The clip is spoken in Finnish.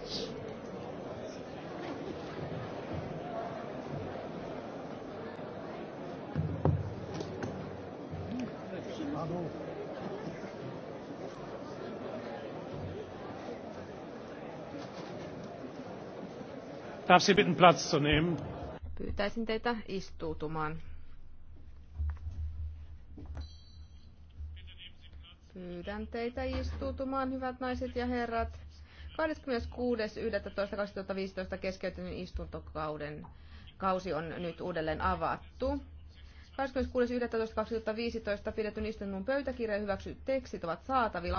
minutes. Darf Sie bitten Platz zu nehmen? Pyytäisin teitä istuutumaan. Pyydän teitä istuutumaan, hyvät naiset ja herrat. 26.11.2015 keskeytynyt istuntokauden kausi on nyt uudelleen avattu. 26.11.2015 pidetyn istunnon pöytäkirja ja tekstit ovat saatavilla.